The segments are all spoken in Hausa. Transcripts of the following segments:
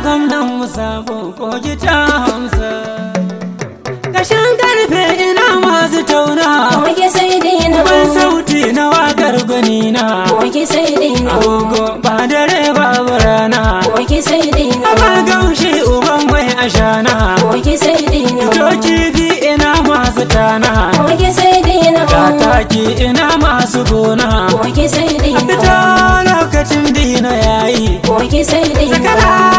gwamnan mu ko kogi ta hamsa kashin karfe ina masu tauna kogi sai dina ban sauti na wakar gwani na kogi sai na. agogo ba dare babu rana kogi sai dina ba gaushe uban mai ashana kogi sai na. coci bi ina masu tana kogi sai dina kataki ina masu gona kogi sai na. fita lokacin dina yayi kogi sai na.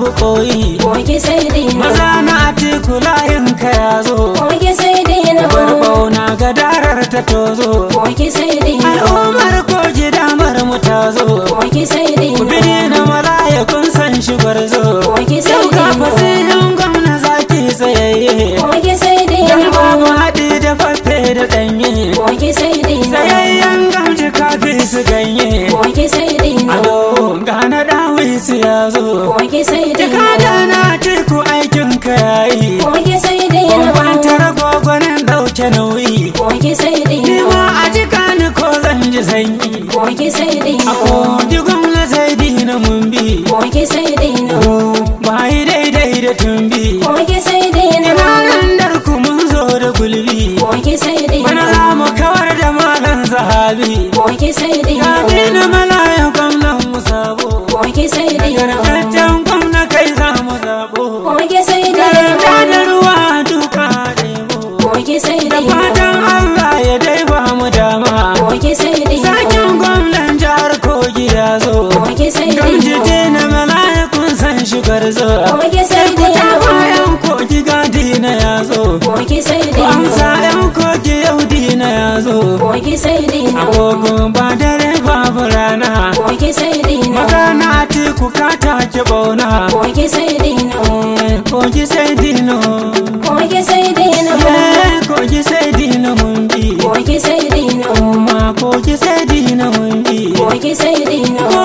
babu koyi goge sai dai maza na atiku layin ka ya zo goge sai dai na barbau na gadarar ta tozo goge sai dai al'ummar ji damar mu ta zo goge sai dai na bi na kun san shi gwarzo goge sai dai yau ka fasihin gwamna zaki tsayayye goge sai dai babu su ya zo Koke Ka gana cirku aikin ka yayi Koke sai dauke nauyi Koke Ni ma a jika ni ko zan ji sanyi A koki gwamna sai na mun bi yi daidai da tumbi Koke sai Ina ku mun zo da gulbi Bana za mu kawar da malan zahabi na wake gwamnan jihar kogi ya zo wake sai na mala'ikun san shigar zo sai dai ya yan kogi gadi na ya zo wake sai dai kogi na ya zo wake ba dare babu rana wake sai dai magana atiku ka bauna sai kogi eh, sai dino Say know.